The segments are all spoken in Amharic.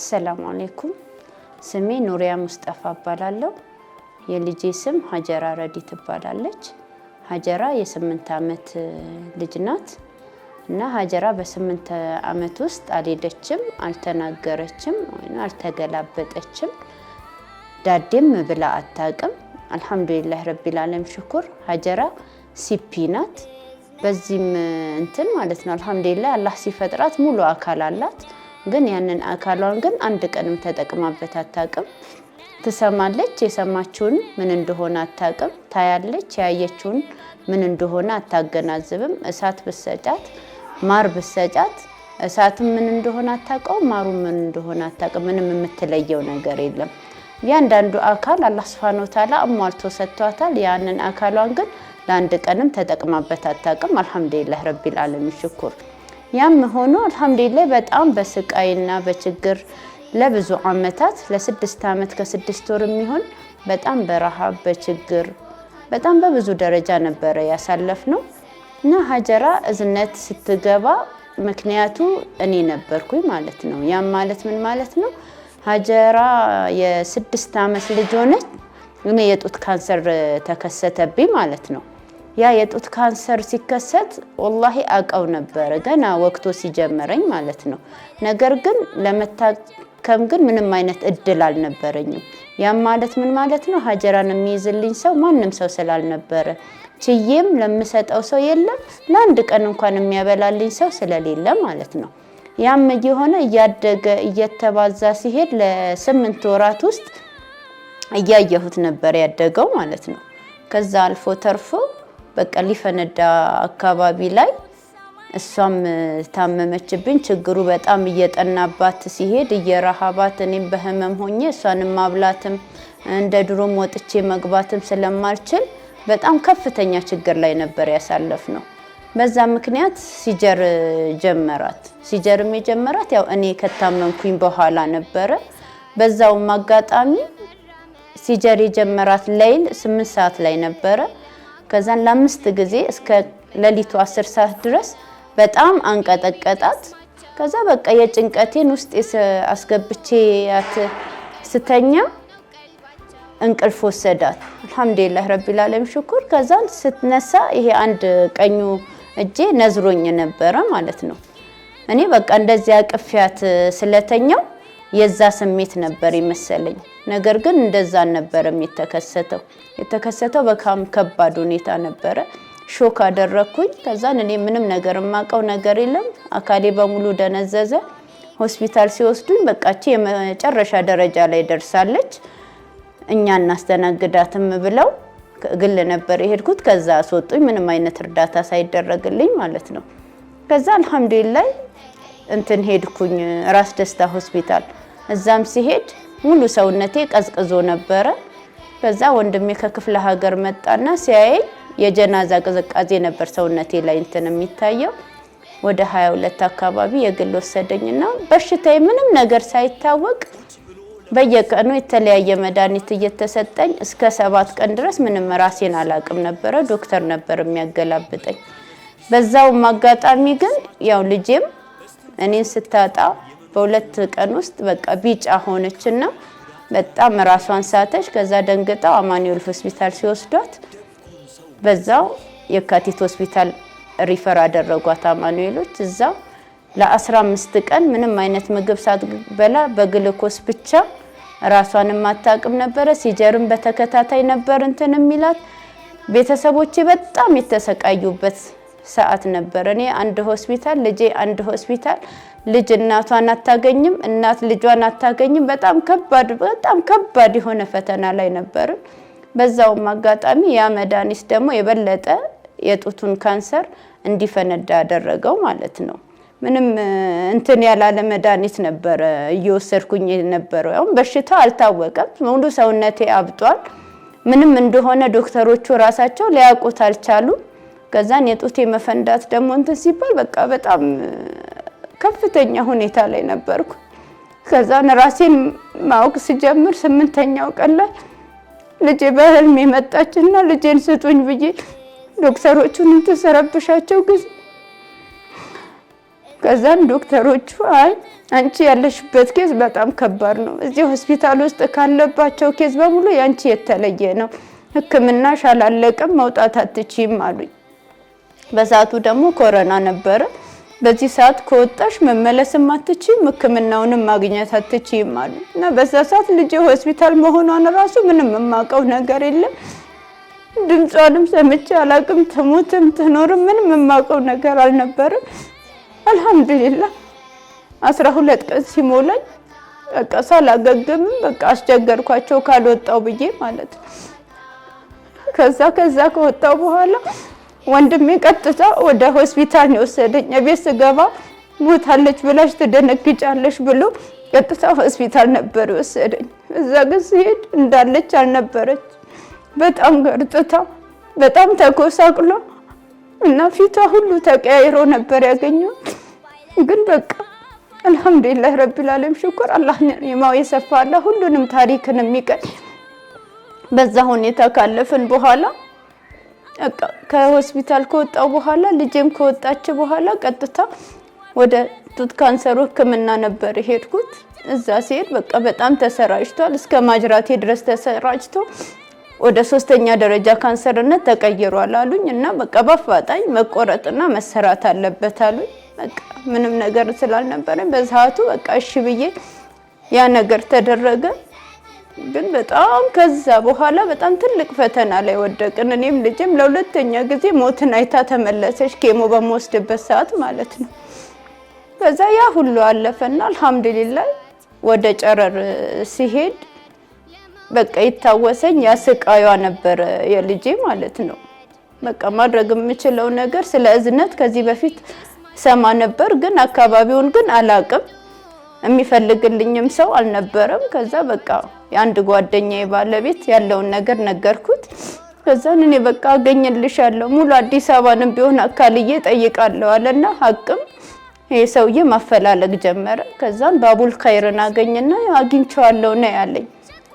አሰላሙ አሌይኩም ስሜ ኑሪያ ሙስጠፋ እባላለሁ። የልጄ ስም ሀጀራ ረዲ ትባላለች። ሀጀራ የስምንት ዓመት ልጅ ናት እና ሀጀራ በስምንት ዓመት ውስጥ አልሄደችም፣ አልተናገረችም፣ አልተገላበጠችም፣ ዳዴም ብላ አታውቅም። አልሐምዱሊላህ ረቢልዓለም ሽኩር። ሀጀራ ሲፒ ናት። በዚህም እንትን ማለት ነው አልሐምዱሊላህ አላህ ሲፈጥራት ሙሉ አካል አላት ግን ያንን አካሏን ግን አንድ ቀንም ተጠቅማበት አታውቅም። ትሰማለች፣ የሰማችውን ምን እንደሆነ አታውቅም። ታያለች፣ ያየችውን ምን እንደሆነ አታገናዝብም። እሳት ብሰጫት፣ ማር ብሰጫት እሳትም ምን እንደሆነ አታውቀው፣ ማሩ ምን እንደሆነ አታውቅም። ምንም የምትለየው ነገር የለም። እያንዳንዱ አካል አላህ ስፋኖታላ ወተዓላ አሟልቶ ሰጥቷታል። ያንን አካሏን ግን ለአንድ ቀንም ተጠቅማበት አታውቅም። አልሐምዱሊላህ ረቢል ዓለሚን ሽኩር ያም ሆኖ አልሐምዱሊላህ በጣም በስቃይና በችግር ለብዙ አመታት ለስድስት አመት ከስድስት ወር የሚሆን በጣም በረሃብ በችግር በጣም በብዙ ደረጃ ነበረ ያሳለፍ ነው እና ሀጀራ እዝነት ስትገባ ምክንያቱ እኔ ነበርኩኝ ማለት ነው። ያም ማለት ምን ማለት ነው? ሀጀራ የስድስት አመት ልጅ ሆነች። እኔ የጡት ካንሰር ተከሰተብኝ ማለት ነው። ያ የጡት ካንሰር ሲከሰት ወላሂ አውቀው ነበረ ገና ወቅቱ ሲጀመረኝ ማለት ነው። ነገር ግን ለመታከም ግን ምንም አይነት እድል አልነበረኝም። ያም ማለት ምን ማለት ነው? ሀጀራን የሚይዝልኝ ሰው ማንም ሰው ስላልነበረ ችዬም ለምሰጠው ሰው የለም፣ ለአንድ ቀን እንኳን የሚያበላልኝ ሰው ስለሌለ ማለት ነው። ያም እየሆነ እያደገ እየተባዛ ሲሄድ ለስምንት ወራት ውስጥ እያየሁት ነበር ያደገው ማለት ነው። ከዛ አልፎ ተርፎ በቃ ሊፈነዳ አካባቢ ላይ እሷም ታመመችብኝ። ችግሩ በጣም እየጠናባት ሲሄድ እየረሃባት፣ እኔም በህመም ሆኜ እሷንም ማብላትም እንደ ድሮም ወጥቼ መግባትም ስለማልችል በጣም ከፍተኛ ችግር ላይ ነበር ያሳለፍ ነው። በዛ ምክንያት ሲጀር ጀመራት። ሲጀርም የጀመራት ያው እኔ ከታመምኩኝ በኋላ ነበረ። በዛውም አጋጣሚ ሲጀር የጀመራት ሌሊት ስምንት ሰዓት ላይ ነበረ። ከዛን ለአምስት ጊዜ እስከ ሌሊቱ አስር ሰዓት ድረስ በጣም አንቀጠቀጣት። ከዛ በቃ የጭንቀቴን ውስጥ አስገብቼ ያት ስተኛ እንቅልፍ ወሰዳት። አልሐምዱሊላህ ረቢል ዓለም ሽኩር። ከዛን ስትነሳ ይሄ አንድ ቀኙ እጄ ነዝሮኝ ነበረ ማለት ነው። እኔ በቃ እንደዚያ አቅፊያት ስለተኛው የዛ ስሜት ነበር የመሰለኝ። ነገር ግን እንደዛ አልነበረም የተከሰተው። የተከሰተው በጣም ከባድ ሁኔታ ነበረ። ሾክ አደረግኩኝ። ከዛን እኔ ምንም ነገር የማውቀው ነገር የለም። አካሌ በሙሉ ደነዘዘ። ሆስፒታል ሲወስዱኝ በቃች የመጨረሻ ደረጃ ላይ ደርሳለች፣ እኛ እናስተናግዳትም ብለው ግል ነበር የሄድኩት። ከዛ አስወጡኝ፣ ምንም አይነት እርዳታ ሳይደረግልኝ ማለት ነው። ከዛ አልሐምዱሊላይ እንትን ሄድኩኝ ራስ ደስታ ሆስፒታል። እዛም ሲሄድ ሙሉ ሰውነቴ ቀዝቅዞ ነበረ። በዛ ወንድሜ ከክፍለ ሀገር መጣና ሲያየኝ የጀናዛ ቅዝቃዜ ነበር ሰውነቴ ላይ እንትን የሚታየው። ወደ 22 አካባቢ የግል ወሰደኝና በሽታዬ ምንም ነገር ሳይታወቅ በየቀኑ የተለያየ መድኃኒት እየተሰጠኝ እስከ ሰባት ቀን ድረስ ምንም ራሴን አላቅም ነበረ። ዶክተር ነበር የሚያገላብጠኝ። በዛውም አጋጣሚ ግን ያው ልጄም እኔን ስታጣ በሁለት ቀን ውስጥ በቃ ቢጫ ሆነችና በጣም ራሷን ሳተች። ከዛ ደንግጠው አማኑኤል ሆስፒታል ሲወስዷት በዛው የካቲት ሆስፒታል ሪፈር አደረጓት አማኑኤሎች። እዛ ለ15 ቀን ምንም አይነት ምግብ ሳትበላ በግልኮስ ብቻ ራሷን ማታቅም ነበረ። ሲጀርም በተከታታይ ነበር እንትን የሚላት ቤተሰቦቼ በጣም የተሰቃዩበት ሰዓት ነበር። እኔ አንድ ሆስፒታል ልጄ አንድ ሆስፒታል ልጅ እናቷን አታገኝም፣ እናት ልጇን አታገኝም። በጣም ከባድ በጣም ከባድ የሆነ ፈተና ላይ ነበር በዛውም አጋጣሚ ያ መድኃኒት ደግሞ የበለጠ የጡቱን ካንሰር እንዲፈነዳ ያደረገው ማለት ነው። ምንም እንትን ያላለ መድኃኒት ነበረ እየወሰድኩኝ የነበረው። ያው በሽታው አልታወቀም። ሙሉ ሰውነቴ አብጧል። ምንም እንደሆነ ዶክተሮቹ ራሳቸው ሊያውቁት አልቻሉም። ከዛን የጡት መፈንዳት ደግሞ እንትን ሲባል በቃ በጣም ከፍተኛ ሁኔታ ላይ ነበርኩ። ከዛን ራሴን ማወቅ ስጀምር ስምንተኛው ቀን ላይ ልጄ በህልም የመጣችና ልጄን ስጡኝ ብዬ ዶክተሮቹን እንትን ስረብሻቸው ጊዜ ከዛን ዶክተሮቹ አይ አንቺ ያለሽበት ኬዝ በጣም ከባድ ነው። እዚህ ሆስፒታል ውስጥ ካለባቸው ኬዝ በሙሉ የአንቺ የተለየ ነው። ሕክምናሽ አላለቀም፣ መውጣት አትችይም አሉኝ። በሰዓቱ ደግሞ ኮረና ነበረ። በዚህ ሰዓት ከወጣሽ መመለስም አትችም፣ ሕክምናውንም ማግኘት አትችም አሉ እና በዛ ሰዓት ልጅ ሆስፒታል መሆኗን ራሱ ምንም የማውቀው ነገር የለም። ድምጿንም ሰምቼ አላውቅም። ትሞትም ትኖርም ምንም የማውቀው ነገር አልነበርም። አልሐምዱሊላህ አስራ ሁለት ቀን ሲሞላኝ በቃ ሳላገግምም በቃ አስቸገርኳቸው ካልወጣው ብዬ ማለት ነው። ከዛ ከዛ ከወጣው በኋላ ወንድሜ ቀጥታ ወደ ሆስፒታል የወሰደኝ ቤት ስገባ ሞታለች ብላሽ ትደነግጫለሽ ብሎ ቀጥታ ሆስፒታል ነበር የወሰደኝ። እዛ ግን ሲሄድ እንዳለች አልነበረች። በጣም ገርጥታ፣ በጣም ተኮሳቅሎ እና ፊቷ ሁሉ ተቀያይሮ ነበር ያገኘ ግን በቃ አልሐምዱሊላህ ረቢል ዓለም ሽኩር አላህ ኒዕማው የሰፋ አለ ሁሉንም ታሪክን የሚቀል በዛ ሁኔታ ካለፍን በኋላ ከሆስፒታል ከወጣው በኋላ ልጄም ከወጣች በኋላ ቀጥታ ወደ ጡት ካንሰሩ ሕክምና ነበር የሄድኩት። እዛ ሲሄድ በቃ በጣም ተሰራጭቷል። እስከ ማጅራቴ ድረስ ተሰራጭቶ ወደ ሶስተኛ ደረጃ ካንሰርነት ተቀይሯል አሉኝ እና በቃ በአፋጣኝ መቆረጥና መሰራት አለበት አሉኝ። በቃ ምንም ነገር ስላልነበረኝ በሰዓቱ በቃ እሺ ብዬ ያ ነገር ተደረገ። ግን በጣም ከዛ በኋላ በጣም ትልቅ ፈተና ላይ ወደቅን። እኔም ልጅም ለሁለተኛ ጊዜ ሞትን አይታ ተመለሰች፣ ኬሞ በምወስድበት ሰዓት ማለት ነው። ከዛ ያ ሁሉ አለፈና አልሐምዱሊላ ወደ ጨረር ሲሄድ በቃ ይታወሰኝ ያ ስቃዩዋ ነበረ የልጄ ማለት ነው። በቃ ማድረግ የምችለው ነገር ስለ እዝነት ከዚህ በፊት ሰማ ነበር፣ ግን አካባቢውን ግን አላቅም የሚፈልግልኝም ሰው አልነበረም። ከዛ በቃ የአንድ ጓደኛ ባለቤት ያለውን ነገር ነገርኩት። ከዛን እኔ በቃ አገኝልሻለሁ ሙሉ አዲስ አበባንም ቢሆን አካልዬ ጠይቃለሁ አለና ሀቅም ይሄ ሰውዬ ማፈላለግ ጀመረ። ከዛን ባቡል ካይርን አገኝና አግኝቼዋለሁ ነው ያለኝ።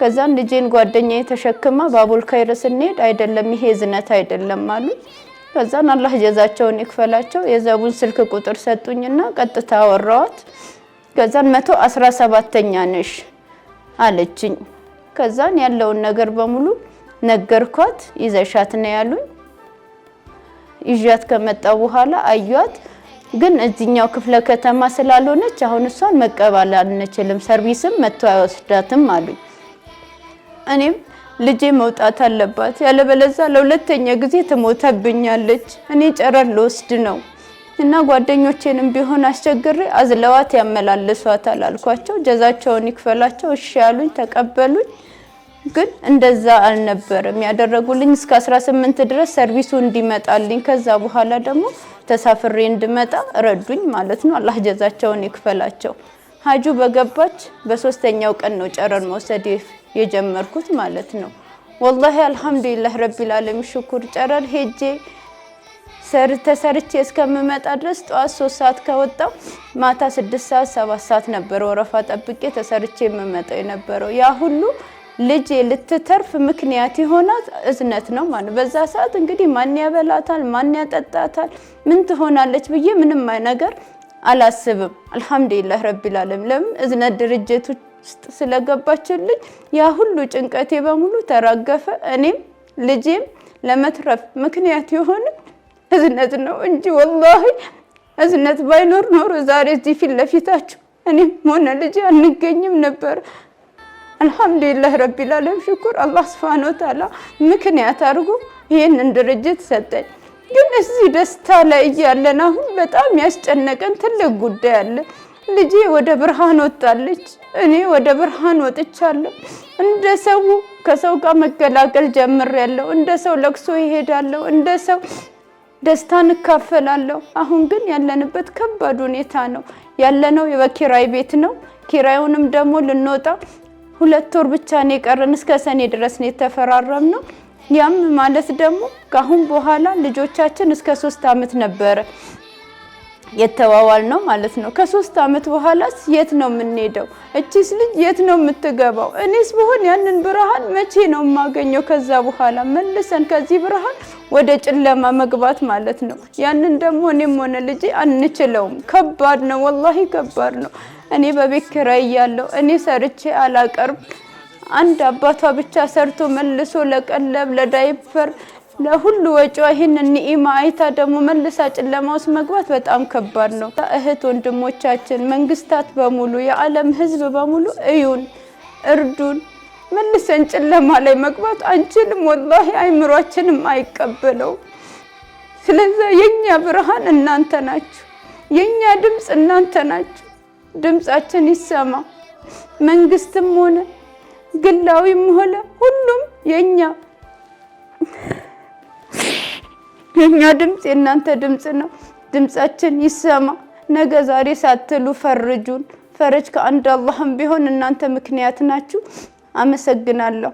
ከዛን ልጄን ጓደኛዬ ተሸክማ ባቡል ካይር ስንሄድ አይደለም ይሄ ዝነት አይደለም አሉ። ከዛን አላህ ጀዛቸውን ይክፈላቸው የዘቡን ስልክ ቁጥር ሰጡኝና ቀጥታ አወራዋት። ከዛን መቶ አስራ ሰባተኛ ነሽ አለችኝ። ከዛን ያለውን ነገር በሙሉ ነገርኳት። ይዘሻት ነው ያሉኝ። ይዣት ከመጣ በኋላ አዩዋት። ግን እዚኛው ክፍለ ከተማ ስላልሆነች አሁን እሷን መቀበል አንችልም፣ ሰርቪስም መጥቶ አይወስዳትም አሉኝ። እኔም ልጄ መውጣት አለባት፣ ያለበለዛ ለሁለተኛ ጊዜ ትሞተብኛለች። እኔ ጨረር ልወስድ ነው እና ጓደኞቼንም ቢሆን አስቸግሬ አዝለዋት ያመላልሷታል አልኳቸው። ጀዛቸውን ይክፈላቸው እሺ ያሉኝ ተቀበሉኝ። ግን እንደዛ አልነበረም ያደረጉልኝ። እስከ 18 ድረስ ሰርቪሱ እንዲመጣልኝ ከዛ በኋላ ደግሞ ተሳፍሬ እንድመጣ ረዱኝ ማለት ነው። አላህ ጀዛቸውን ይክፈላቸው። ሀጁ በገባች በሶስተኛው ቀን ነው ጨረር መውሰድ የጀመርኩት ማለት ነው። ወላሂ አልሐምዱሊላህ ረቢል ሽኩር ጨረር ሄጄ ተሰርቼ እስከምመጣ ድረስ ጠዋት ሶስት ሰዓት ከወጣው ማታ ስድስት ሰዓት ሰባት ሰዓት ነበረ ወረፋ ጠብቄ ተሰርቼ የምመጣው የነበረው። ያ ሁሉ ልጅ ልትተርፍ ምክንያት የሆናት እዝነት ነው ማለት። በዛ ሰዓት እንግዲህ ማን ያበላታል፣ ማን ያጠጣታል፣ ምን ትሆናለች ብዬ ምንም ነገር አላስብም። አልሐምዱሊላህ ረቢል ዓለም ለምን እዝነት ድርጅት ውስጥ ስለገባችልኝ ያ ሁሉ ጭንቀቴ በሙሉ ተራገፈ። እኔም ልጄም ለመትረፍ ምክንያት የሆነ እዝነት ነው እንጂ ወላሂ እዝነት ባይኖር ኖሮ ዛሬ እዚህ ፊት ለፊታችሁ እኔም ሆነ ልጅ አንገኝም ነበር። አልሐምዱሊላህ ረቢል ዓለም ሽኩር አላህ ስብሃነ ወተዓላ ምክንያት አድርጎ ይህንን ድርጅት ሰጠኝ። ግን እዚህ ደስታ ላይ እያለን አሁን በጣም ያስጨነቀን ትልቅ ጉዳይ አለ። ልጄ ወደ ብርሃን ወጣለች፣ እኔ ወደ ብርሃን ወጥቻለሁ። እንደ ሰው ከሰው ጋር መቀላቀል ጀምሬያለሁ። እንደ ሰው ለቅሶ ይሄዳለሁ። እንደ ሰው ደስታ እንካፈላለሁ። አሁን ግን ያለንበት ከባድ ሁኔታ ነው ያለነው። የበኪራይ ቤት ነው። ኪራዩንም ደግሞ ልንወጣ ሁለት ወር ብቻ ነው የቀረን። እስከ ሰኔ ድረስ ነው የተፈራረም ነው። ያም ማለት ደግሞ ከአሁን በኋላ ልጆቻችን እስከ ሶስት ዓመት ነበረ የተዋዋል ነው ማለት ነው። ከሶስት አመት በኋላስ የት ነው የምንሄደው? እቺስ ልጅ የት ነው የምትገባው? እኔስ ብሆን ያንን ብርሃን መቼ ነው የማገኘው? ከዛ በኋላ መልሰን ከዚህ ብርሃን ወደ ጨለማ መግባት ማለት ነው። ያንን ደግሞ እኔም ሆነ ልጄ አንችለውም። ከባድ ነው፣ ወላሂ ከባድ ነው። እኔ በቤት ኪራይ እያለሁ እኔ ሰርቼ አላቀርብ አንድ አባቷ ብቻ ሰርቶ መልሶ ለቀለብ ለዳይፐር ለሁሉ ወጪዋ ይህንን ኒኢማ አይታ ደግሞ መልሳ ጨለማ ውስጥ መግባት በጣም ከባድ ነው። እህት ወንድሞቻችን፣ መንግስታት በሙሉ የዓለም ህዝብ በሙሉ እዩን፣ እርዱን። መልሰን ጨለማ ላይ መግባት አንችልም። ወላሂ አይምሯችንም አይቀበለው። ስለዛ የኛ ብርሃን እናንተ ናችሁ፣ የኛ ድምፅ እናንተ ናችሁ። ድምፃችን ይሰማ። መንግስትም ሆነ ግላዊም ሆነ ሁሉም የኛ የእኛ ድምፅ የእናንተ ድምፅ ነው። ድምፃችን ይሰማ። ነገ ዛሬ ሳትሉ ፈርጁን። ፈረጅ ከአንድ አላህም ቢሆን እናንተ ምክንያት ናችሁ። አመሰግናለሁ።